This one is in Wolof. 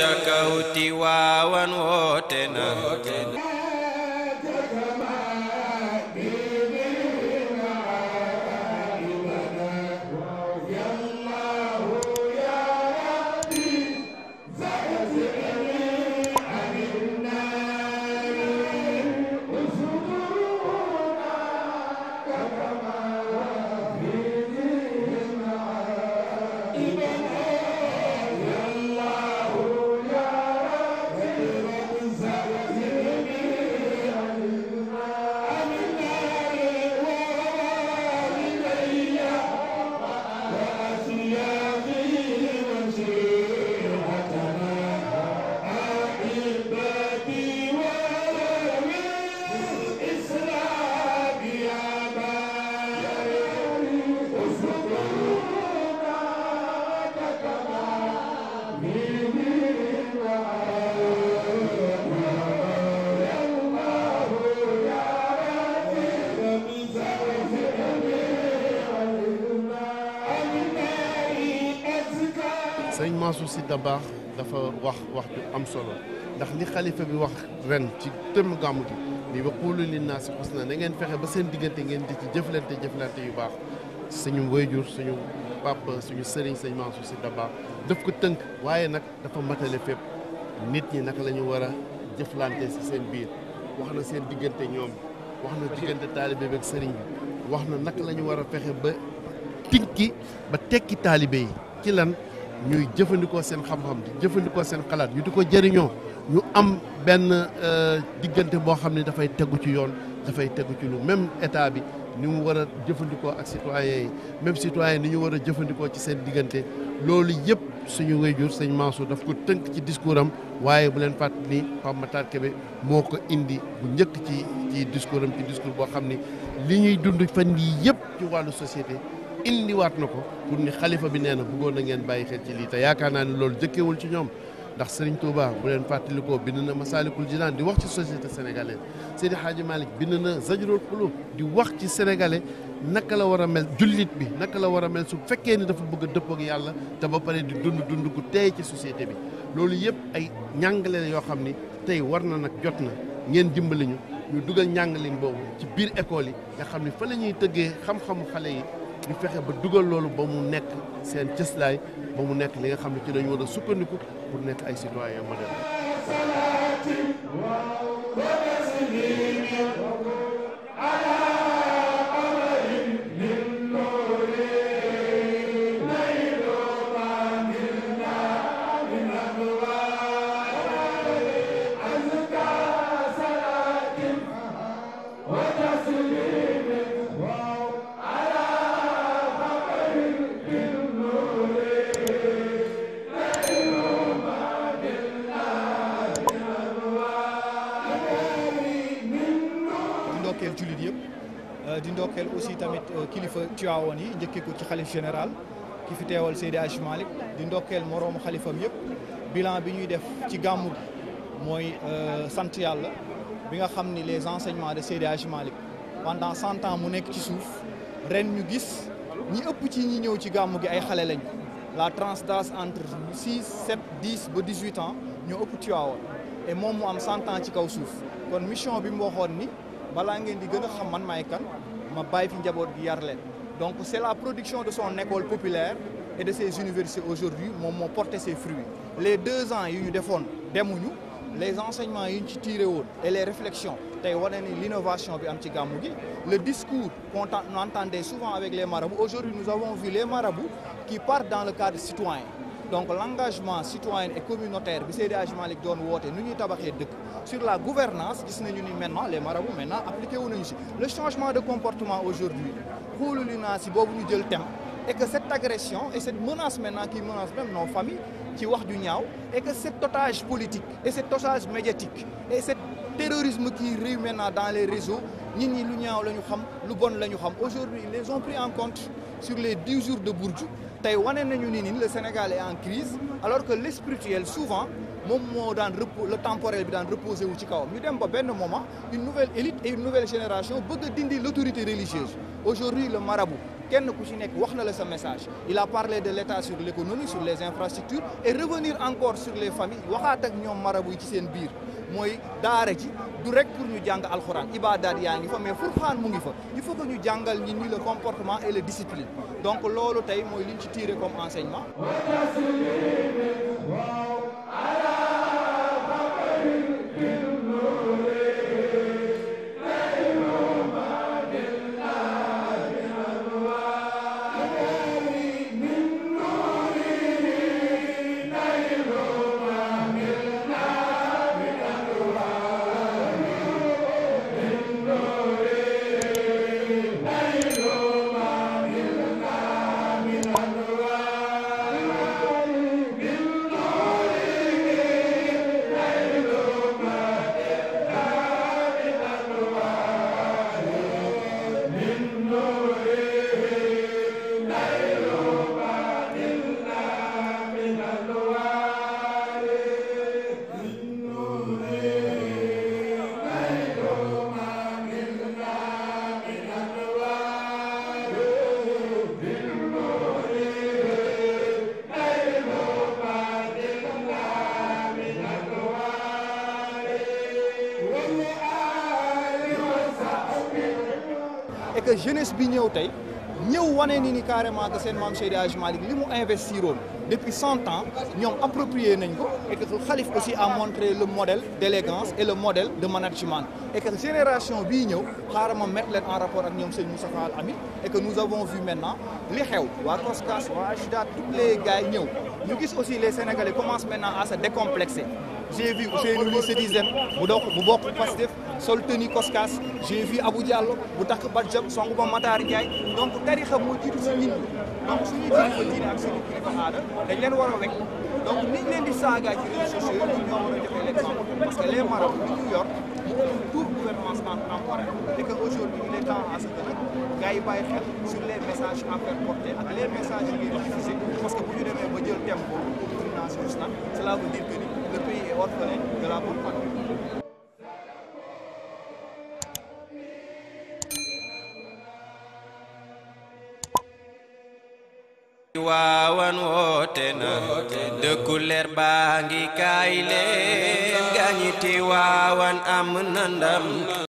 ca kaw Tiwaawan woote na سيد ماسو سي دابا دافا واخ واحد ام سولو داخ لي خليفه بي واخ رن تي تم غامتي لي بقول للناس خصنا نين فخه با سين ديغنتي نين دي جيفلانتي جيفلانتي يو باخ سيني ويجور سيني باب سيني سيرين سيد ماسو سي دابا داف كو تنك وايي نك دافا ماتالي فيب نيت ني نك لا ني ورا جيفلانتي سي سين بير واخنا سين ديغنتي نيوم واخنا ديغنتي طالب بك سيرين واخنا نك لا ني ورا فخه با تينكي با تيكي طالبي كي لان ñuy jëfandikoo seen xamxam xam di jëfandikoo seen xalaat ñu di ko jëriñoo ñu am benn euh, diggante boo xam ne dafay tegu ci yoon dafay tegu ci lu même état bi ni mu war a jëfandikoo ak citoyen yi même citoyen ni ñu war a jëfandikoo ci seen diggante loolu yëpp suñu wéyjur sëñ maaso daf ko tënk ci discours am waaye bu leen fàttali ni Pape Matar Kébé moo ko indi bu njëkk ci ci discours ci discours boo xam ni li ñuy dund fan yii yëpp ci wàllu société indiwaat na ko pour ni xalifa bi nee na bëggoon na ngeen bàyyi xel ci lii te yaakaar naa ne loolu jëkkewul ci ñoom ndax Serigne Touba bu leen fàttalikoo bind na Masalikul Jinaan di wax ci société sénégalaise Seydi Hadji Malick bind na Zajrul Qulub di wax ci sénégalais naka la war a mel jullit bi naka la war a mel su fekkee ni dafa bëgg a yàlla te ba pare di dund dund gu tey ci société bi loolu yëpp ay ñàngale yoo xam ni tey war na nag jot na ngeen dimbali ñu ñu dugal ñàngalin boobu ci biir école yi xam ni fa la ñuy tëggee xam xale yi ñu ba dugal loolu ba mu nekk seen cëslaay ba mu nekk li nga xam ne ci dañu war a sukkandiku pour nekk ay citoyen moderne What? ndokkeel julit yëpp euh, di ndokkeel aussi tamit euh, kilifa Tiwaawan yi njëkkee ko ci xalif général ki fi teewal Seydi Hadj malik di ndokkeel moroomu xalifam yëpp bilan bi ñuy def ci gàmmu gi mooy euh, sant yàlla bi nga xam ni les enseignements de Seydi Hadj malik pendant cent ans mu nekk ci suuf ren ñu gis ñi ëpp ci ñi ñëw ci gàmmu gi ay xale lañ la tranche entre six sept dix ba dix huit ans ñoo ëpp Tiwaawan et moom mu am cent ans ci kaw suuf kon mission bi mu waxoon ni donc c'est la production de son école populaire et de ses universités aujourd'hui qui ont porté ses fruits les deux ans yu des des demuñu les enseignements ils tiré et les réflexions l'innovation le discours qu'on entendait souvent avec les marabouts aujourd'hui nous avons vu les marabouts qui partent dans le cadre citoyen donc l'engagement citoyen et communautaire bi Seydi Don Wote, sur la gouvernance maintenant les marabouts maintenant appliqués le changement de comportement aujourd'hui Pour le et que cette agression et cette menace maintenant qui menace même nos familles qui et que cet otage politique et cet otage médiatique et cet terrorisme qui rime maintenant dans les réseaux nous ñi lu ñaaw bon aujourd'hui ils les ont pris en compte sur les 10 jours de Bourdieu le Sénégal est en crise alors que l'esprituel, souvent le temporel est reposé au ci Nous ñu dem moment une nouvelle élite et une nouvelle génération beaucoup de religieuse aujourd'hui le marabout kenn ku ci nekk wax la sa message il a parlé de l'état sur l'économie sur les infrastructures et revenir encore sur les familles waxaat ak ñoom marabu yi ci seen biir daara ci du rek pour ñu jàng alcorane ibadat ya ngi fa mais furxaan mu ngi fa il faut que ñu jàngal ñi ni le comportement et la discipline donc lolu tay moy liñ ci tirer comme enseignement que jeunesse bi ñew tay ñew ni carrément que sen mam depuis 100 ans ñom approprié nañ ko et que xalif aussi a montré le modèle d'élégance et le modèle de management et que génération bi ñew carrément mettre en rapport avec ñom et que nous avons vu maintenant les xew wa Koskas tous les gars Nous ñu aussi les Sénégalais commencent maintenant à se décomplexer j'ai vu Ousseynou Ly Sédhiène mu Donc, mu bokk Koskas j'ai vu Abou Diallo mu tak badjam songu ba Matar donc c'est mo nit donc suñu ak suñu donc niñ len di sages ci réseaux sociaux parce que les Marocains, de ñu yor tout gouvernement et aujourd'hui il est temps à ce que sur les messages à faire les messages yi parce que bu ñu ba jël thème pour cela veut dire que le pays est waawan woote na dëkku leer baa ngi kaay leen gaañi ti waawan am